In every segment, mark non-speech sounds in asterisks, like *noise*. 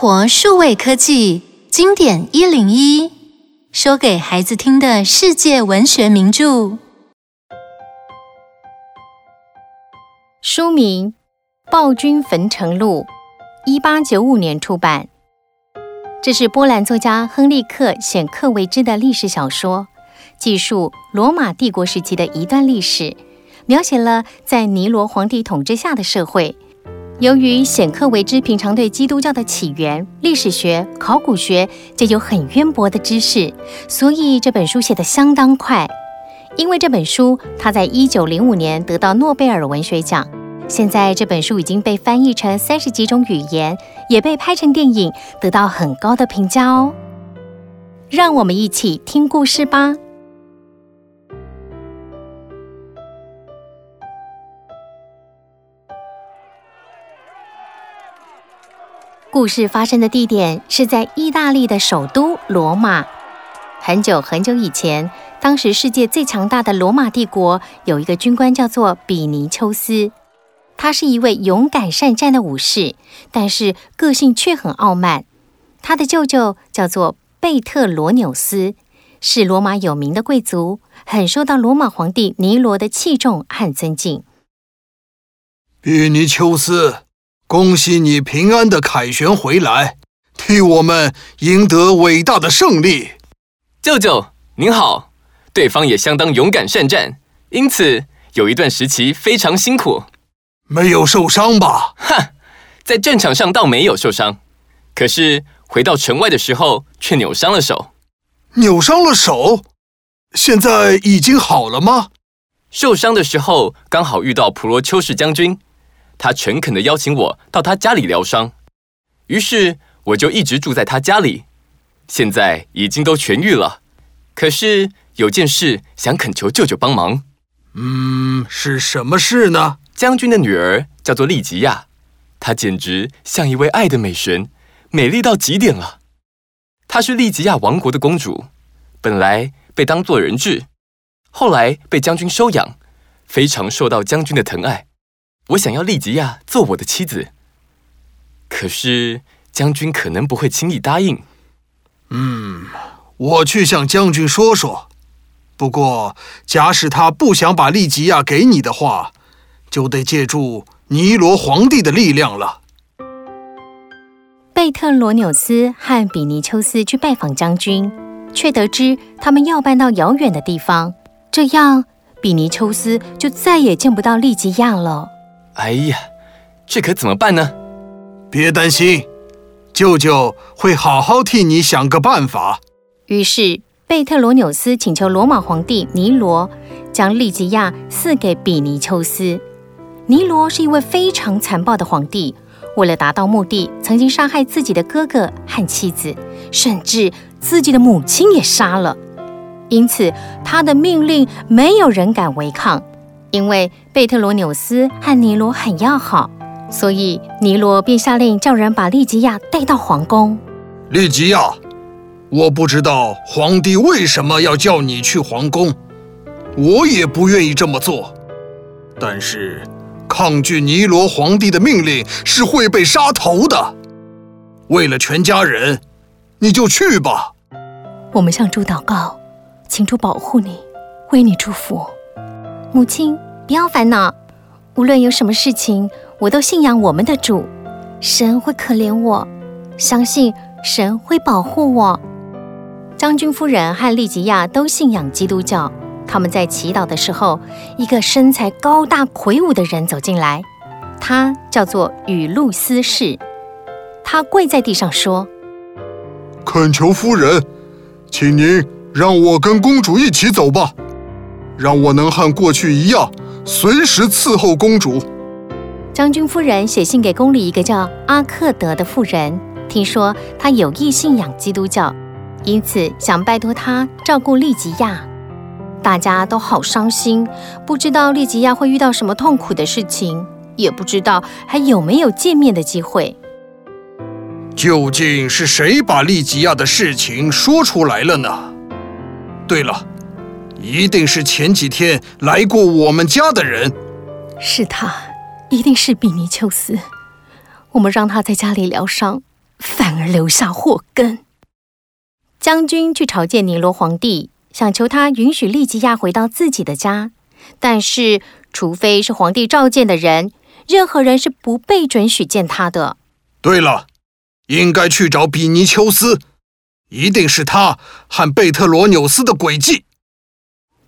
活數位科技經典一零一，說給孩子聽的世界文學名著。書名《暴君焚城錄》，一八九五年出版。這是波蘭作家亨利克顯克維支的歷史小說，記述羅馬帝國時期的一段歷史，描寫了在尼羅皇帝統治下的社會。由於顯克維支，平常對基督教的起源、歷史學、考古學就有很淵博的知識，所以這本書寫得相當快。因為這本書，他在一九零五年得到諾貝爾文學獎。現在這本書已經被翻譯成三十幾種語言，也被拍成電影，得到很高的評價哦。讓我們一起聽故事吧。故事發生的地點是在意大利的首都羅馬。很久很久以前，當時世界最強大的羅馬帝國有一個軍官叫做比尼丘斯，他是一位勇敢善戰的武士，但是個性卻很傲慢。他的舅舅叫做貝特羅紐斯，是羅馬有名的貴族，很受到羅馬皇帝尼羅的器重和尊敬。比尼丘斯。恭喜你平安的凱旋回來，替我們贏得偉大的勝利。舅舅，您好。對方也相當勇敢善戰，因此有一段時期非常辛苦。沒有受傷吧？哈，在戰場上倒沒有受傷，可是回到城外的時候却扭傷了手。扭傷了手？現在已經好了嗎？受傷的時候剛好遇到普羅丘氏將軍。他誠懇地邀請我到他家裡療傷，於是我就一直住在他家裡。現在已經都痊癒了，可是有件事想懇求舅舅幫忙。嗯，是什麼事呢？將軍的女兒叫做利吉亞，她簡直像一位愛的美神，美麗到極點了。她是利吉亞王國的公主，本來被當作人質，後來被將軍收養，非常受到將軍的疼愛。我想要利吉亞做我的妻子，可是將軍可能不會輕易答應。嗯，我去向將軍說說。不過，假使他不想把利吉亞給你的話，就得借助尼羅皇帝的力量了。貝特羅紐斯和比尼丘斯去拜訪將軍，卻得知他們要搬到遙遠的地方，這樣比尼丘斯就再也見不到利吉亞了。哎呀，這可怎麼辦呢？別擔心，舅舅會好好替你想個辦法。於是，貝特羅紐斯請求羅馬皇帝尼羅將利吉亞賜給比尼丘斯。尼羅是一位非常殘暴的皇帝，為了達到目的，曾經殺害自己的哥哥和妻子，甚至自己的母親也殺了。因此，他的命令沒有人敢違抗。因為貝特羅紐斯和尼羅很要好，所以尼羅便下令叫人把利吉亞帶到皇宮。利吉亞，我不知道皇帝為什麼要叫你去皇宮，我也不願意這麼做。但是，抗拒尼羅皇帝的命令是會被殺頭的。為了全家人，你就去吧。我們向主禱告，請主保護你，為你祝福。母親，不要煩惱。無論有什麼事情，我都信仰我們的主，神會可憐我，相信神會保護我。將軍夫人和利吉亞都信仰基督教。他們在祈禱的時候，一個身材高大魁梧的人走進來，他叫做雨露斯氏。他跪在地上說：“懇求夫人，請您讓我跟公主一起走吧。”讓我能和過去一樣，隨時伺候公主。將軍夫人寫信給宮裡一個叫阿克德的婦人，聽說她有意信仰基督教，因此想拜託她照顧利吉亞。大家都好傷心，不知道利吉亞會遇到什麼痛苦的事情，也不知道還有沒有見面的機會。究竟是誰把利吉亞的事情說出來了呢？對了。一定是前幾天來過我們家的人，是他，一定是比尼丘斯。我們讓他在家裡療傷，反而留下禍根。將軍去朝見尼羅皇帝，想求他允許利吉亞回到自己的家，但是除非是皇帝召見的人，任何人是不被准許見他的。對了，應該去找比尼丘斯，一定是他和貝特羅紐斯的詭計。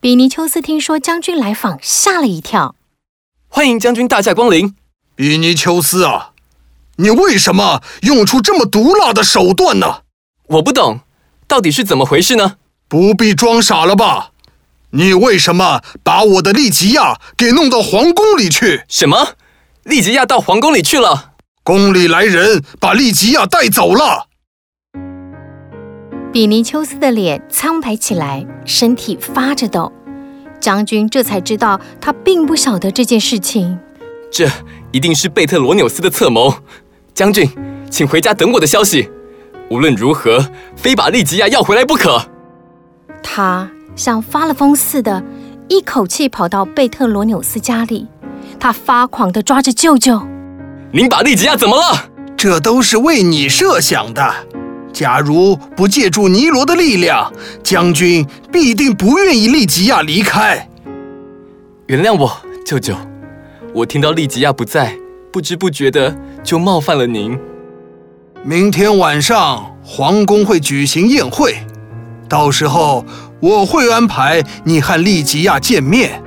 比尼丘斯聽說將軍來訪，嚇了一跳。歡迎將軍大駕光臨。比尼丘斯啊，你為什麼用出這麼毒辣的手段呢？我不懂，到底是怎麼回事呢？不必裝傻了吧？你為什麼把我的利吉亞給弄到皇宮裡去？什麼？利吉亞到皇宮裡去了？宮裡來人把利吉亞帶走了。比尼丘斯的臉蒼白起來，身體發着抖。將軍這才知道，他並不曉得這件事情。這一定是貝特羅紐斯的策謀。將軍，請回家等我的消息。無論如何，非把利吉亞要回來不可。他像發了瘋似的，一口氣跑到貝特羅紐斯家裡。他發狂地抓着舅舅：“您把利吉亞怎麼了？這都是為你設想的。”假如不借助尼羅的力量，將軍必定不願意利吉亞離開。原諒我，舅舅，我聽到利吉亞不在，不知不覺的就冒犯了您。明天晚上皇宮會舉行宴會，到時候我會安排你和利吉亞見面。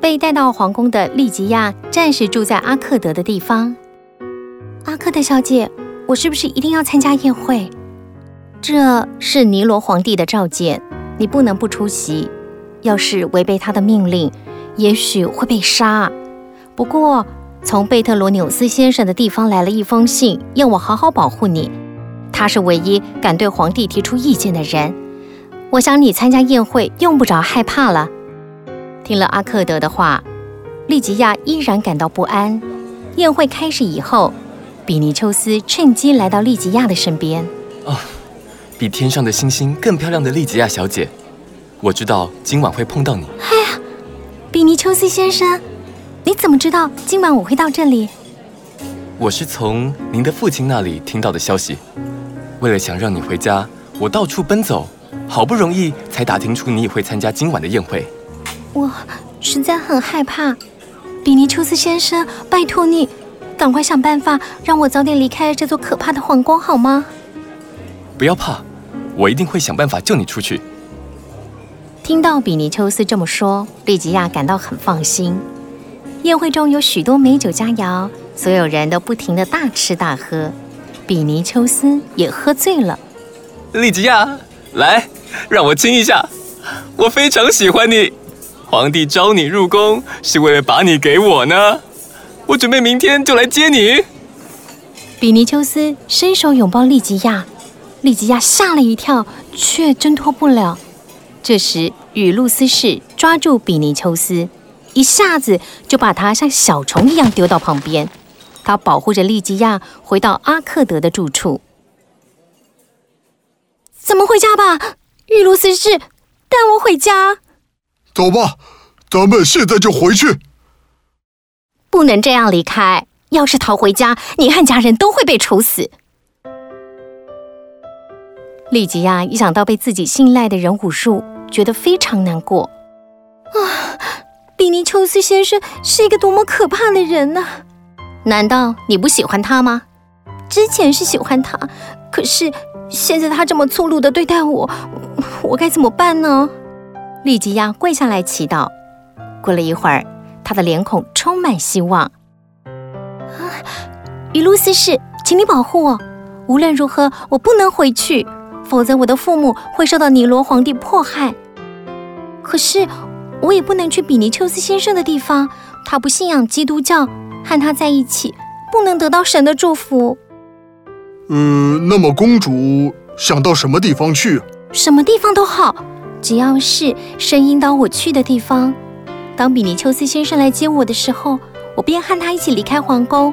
被帶到皇宮的利吉亞暫時住在阿克德的地方。阿克德小姐。我是不是一定要參加宴會？這是尼羅皇帝的召見，你不能不出席。要是違背他的命令，也許會被殺。不過，從貝特羅紐斯先生的地方來了一封信，要我好好保護你。他是唯一敢對皇帝提出意見的人。我想你參加宴會用不着害怕了。聽了阿克德的話，利吉亞依然感到不安。宴會開始以後，比尼秋斯趁機來到利吉亞的身邊。啊、哦，比天上的星星更漂亮的利吉亞小姐，我知道今晚會碰到你。哎呀，比尼秋斯先生，你怎麼知道今晚我會到這裡？我是從您的父親那裡聽到的消息。為了想讓你回家，我到處奔走，好不容易才打聽出你也會參加今晚的宴會。我實在很害怕，比尼秋斯先生，拜託你。趕快想辦法讓我早點離開這座可怕的皇宮，好嗎？不要怕，我一定會想辦法救你出去。聽到比尼丘斯這麼說，利吉亞感到很放心。宴會中有許多美酒佳餚，所有人都不停地大吃大喝，比尼丘斯也喝醉了。利吉亞，來，讓我親一下，我非常喜歡你。皇帝招你入宮是為了把你給我呢。我準備明天就來接你。比尼丘斯伸手擁抱利吉亞，利吉亞嚇了一跳，卻掙脫不了。這時，雨露斯氏抓住比尼丘斯，一下子就把他像小蟲一樣丟到旁邊。他保護着利吉亞，回到阿克德的住處。咱們回家吧，雨露斯氏，帶我回家。走吧，咱們現在就回去。不能這樣離開。要是逃回家，你和家人都會被處死。利吉亞一想到被自己信賴的人侮辱，覺得非常難過。啊，比尼丘斯先生是一個多麼可怕的人呢！啊？難道你不喜歡他嗎？之前是喜歡他，可是現在他這麼粗魯地對待我，我，我該怎麼辦呢？利吉亞跪下來祈禱。過了一會兒。他的臉孔充滿希望。雨、啊、露斯士，請你保護我。無論如何，我不能回去，否則我的父母會受到尼羅皇帝迫害。可是，我也不能去比尼丘斯先生的地方，他不信仰基督教，和他在一起不能得到神的祝福。呃、嗯，那麼公主想到什麼地方去？什麼地方都好，只要是神引導我去的地方。當比尼丘斯先生來接我的時候，我便和他一起離開皇宮，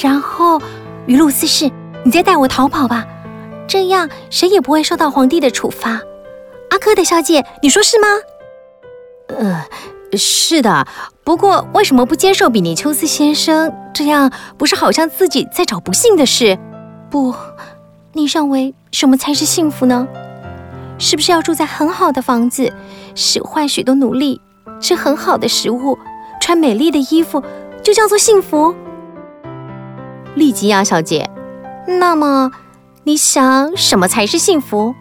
然後，烏爾蘇斯，你再帶我逃跑吧，這樣誰也不會受到皇帝的處罰。阿克的小姐，你說是嗎？呃，是的。不過為什麼不接受比尼丘斯先生？這樣不是好像自己在找不幸的事？不，你認為什麼才是幸福呢？是不是要住在很好的房子，使壞許多奴隸？吃很好的食物，穿美麗的衣服，就叫做幸福，利吉亞小姐。那麼，你想什麼才是幸福？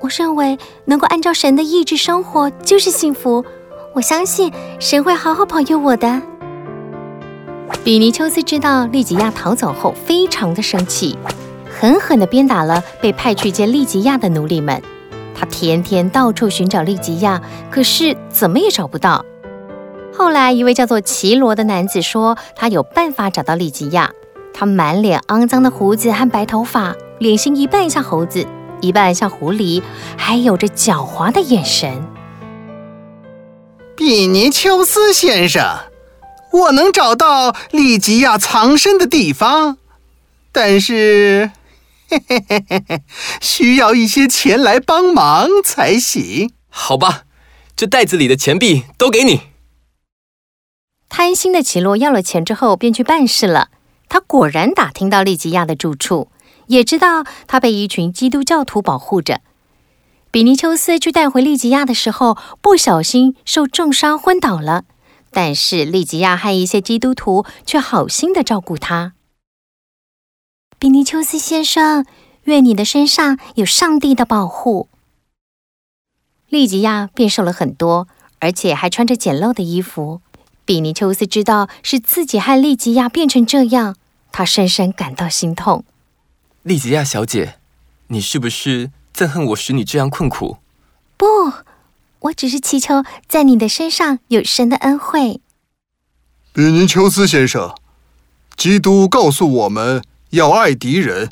我認為能夠按照神的意志生活就是幸福。我相信神會好好保佑我的。比尼丘斯知道利吉亞逃走後，非常的生氣，狠狠地鞭打了被派去見利吉亞的奴隸們。他天天到處尋找利吉亞，可是怎麼也找不到。後來，一位叫做奇羅的男子說：“他有辦法找到利吉亞。他滿臉骯髒的鬍子和白頭髮，臉型一半像猴子，一半像狐狸，還有着狡猾的眼神。”比尼丘斯先生，我能找到利吉亞藏身的地方，但是…… *laughs* 需要一些錢來幫忙才行。好吧，這袋子裡的錢幣都給你。貪心的奇洛要了錢之後便去辦事了。他果然打聽到利吉亞的住處，也知道他被一群基督教徒保護着。比尼丘斯去帶回利吉亞的時候，不小心受重傷昏倒了。但是利吉亞和一些基督徒卻好心的照顧他。比尼丘斯先生，願你的身上有上帝的保護。利吉亞變瘦了很多，而且還穿着簡陋的衣服。比尼丘斯知道是自己害利吉亞變成這樣，他深深感到心痛。利吉亞小姐，你是不是憎恨我使你這樣困苦？不，我只是祈求在你的身上有神的恩惠。比尼丘斯先生，基督告訴我們。要愛敵人，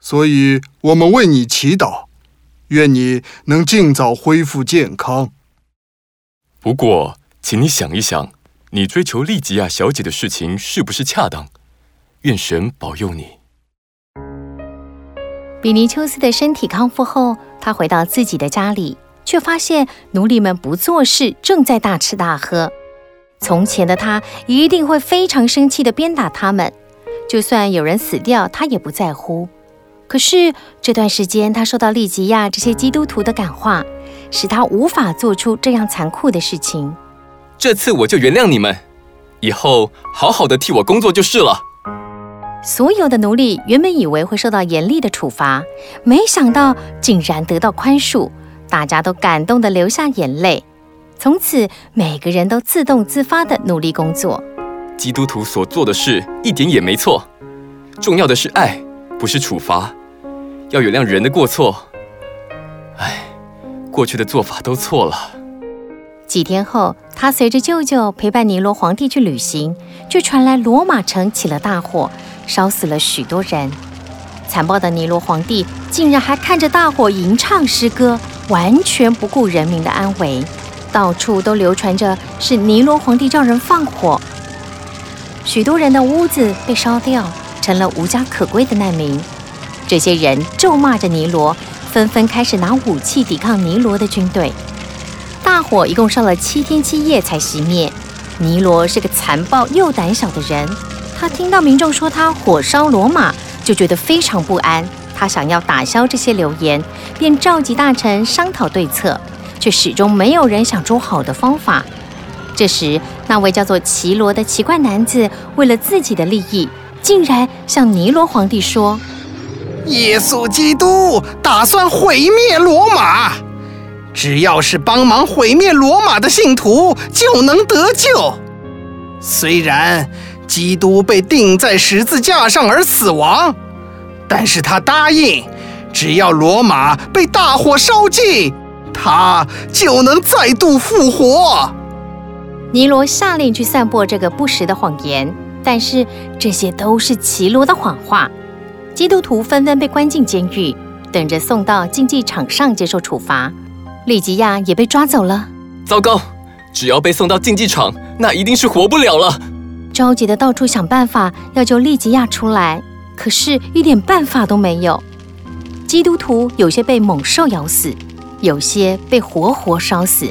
所以我們為你祈禱，願你能儘早恢復健康。不過，請你想一想，你追求利吉亞小姐的事情是不是恰當？願神保佑你。比尼丘斯的身體康復後，他回到自己的家裡，卻發現奴隸們不做事，正在大吃大喝。從前的他一定會非常生氣地鞭打他們。就算有人死掉，他也不在乎。可是這段時間，他受到利吉亞這些基督徒的感化，使他無法做出這樣殘酷的事情。這次我就原諒你們，以後好好的替我工作就是了。所有的奴隸原本以為會受到嚴厲的處罰，沒想到竟然得到寬恕，大家都感動得流下眼淚。從此，每個人都自動自發的努力工作。基督徒所做的事一點也沒錯，重要的是愛，不是處罰。要原諒人的過錯。唉，過去的做法都錯了。幾天後，他隨着舅舅陪伴尼羅皇帝去旅行，卻傳來羅馬城起了大火，燒死了許多人。殘暴的尼羅皇帝竟然還看着大火吟唱詩歌，完全不顧人民的安危。到處都流傳着是尼羅皇帝叫人放火。許多人的屋子被燒掉，成了無家可歸的難民。這些人咒罵着尼羅，紛紛開始拿武器抵抗尼羅的軍隊。大火一共燒了七天七夜才熄滅。尼羅是個殘暴又膽小的人，他聽到民眾說他火燒羅馬，就覺得非常不安。他想要打消這些流言，便召集大臣商討對策，卻始終沒有人想出好的方法。這時，那位叫做綺羅的奇怪男子，為了自己的利益，竟然向尼羅皇帝說：“耶穌基督打算毀滅羅馬，只要是幫忙毀滅羅馬的信徒，就能得救。雖然基督被釘在十字架上而死亡，但是他答應，只要羅馬被大火燒盡，他就能再度復活。”尼羅下令去散播這個不實的謊言，但是這些都是奇羅的謊話。基督徒紛紛被關進監獄，等着送到競技場上接受處罰。利吉亞也被抓走了。糟糕！只要被送到競技場，那一定是活不了了。着急的到處想辦法要救利吉亞出來，可是一點辦法都沒有。基督徒有些被猛獸咬死，有些被活活燒死。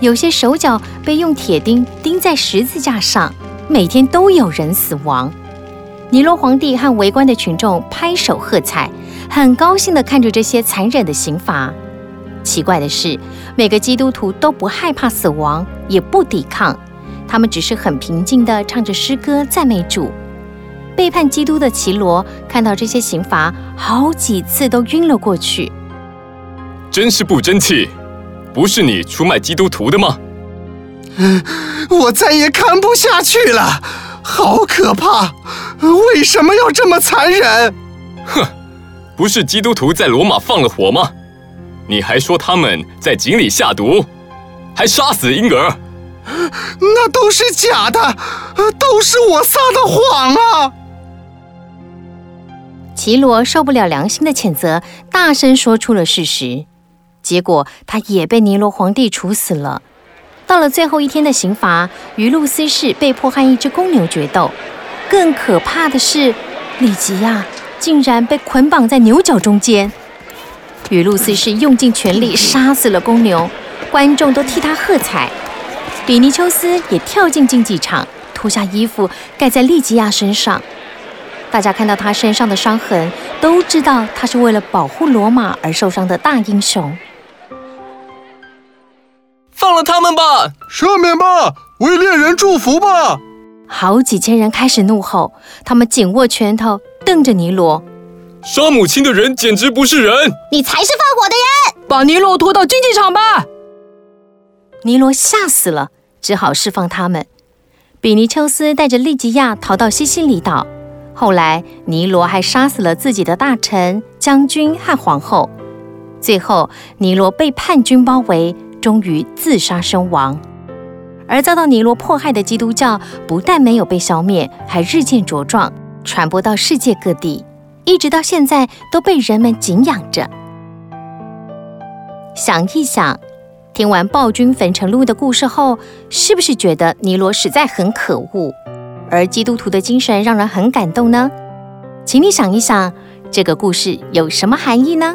有些手腳被用鐵釘釘在十字架上，每天都有人死亡。尼羅皇帝和圍觀的群眾拍手喝彩，很高興地看着這些殘忍的刑罰。奇怪的是，每個基督徒都不害怕死亡，也不抵抗，他們只是很平靜地唱着詩歌讚美主。背叛基督的奇羅看到這些刑罰，好幾次都暈了過去，真是不爭氣。不是你出賣基督徒的嗎？我再也看不下去了，好可怕！為什麼要這麼殘忍？哼，不是基督徒在羅馬放了火嗎？你還說他們在井裡下毒，還殺死嬰兒？那都是假的，都是我撒的謊啊！奇羅受不了良心的譴責，大聲說出了事實。結果他也被尼羅皇帝處死了。到了最後一天的刑罰，於露斯氏被迫和一隻公牛決鬥。更可怕的是，利吉亞竟然被捆綁在牛角中間。於露斯氏用盡全力殺死了公牛，觀眾都替他喝彩。比尼丘斯也跳進競技場，脫下衣服蓋在利吉亞身上。大家看到他身上的傷痕，都知道他是為了保護羅馬而受傷的大英雄。他們吧，赦免吧，為戀人祝福吧。好幾千人開始怒吼，他們緊握拳頭，瞪着尼羅。殺母親的人簡直不是人！你才是放火的人！把尼羅拖到競技場吧！尼羅嚇死了，只好釋放他們。比尼秋斯帶着利吉亞逃到西西里島。後來，尼羅還殺死了自己的大臣、將軍和皇後。最後，尼羅被叛軍包圍。終於自殺身亡，而遭到尼羅迫害的基督教不但沒有被消滅，還日漸茁壯，傳播到世界各地，一直到現在都被人們敬仰着。想一想，聽完暴君焚城錄的故事後，是不是覺得尼羅實在很可惡，而基督徒的精神讓人很感動呢？請你想一想，這個故事有什麼含義呢？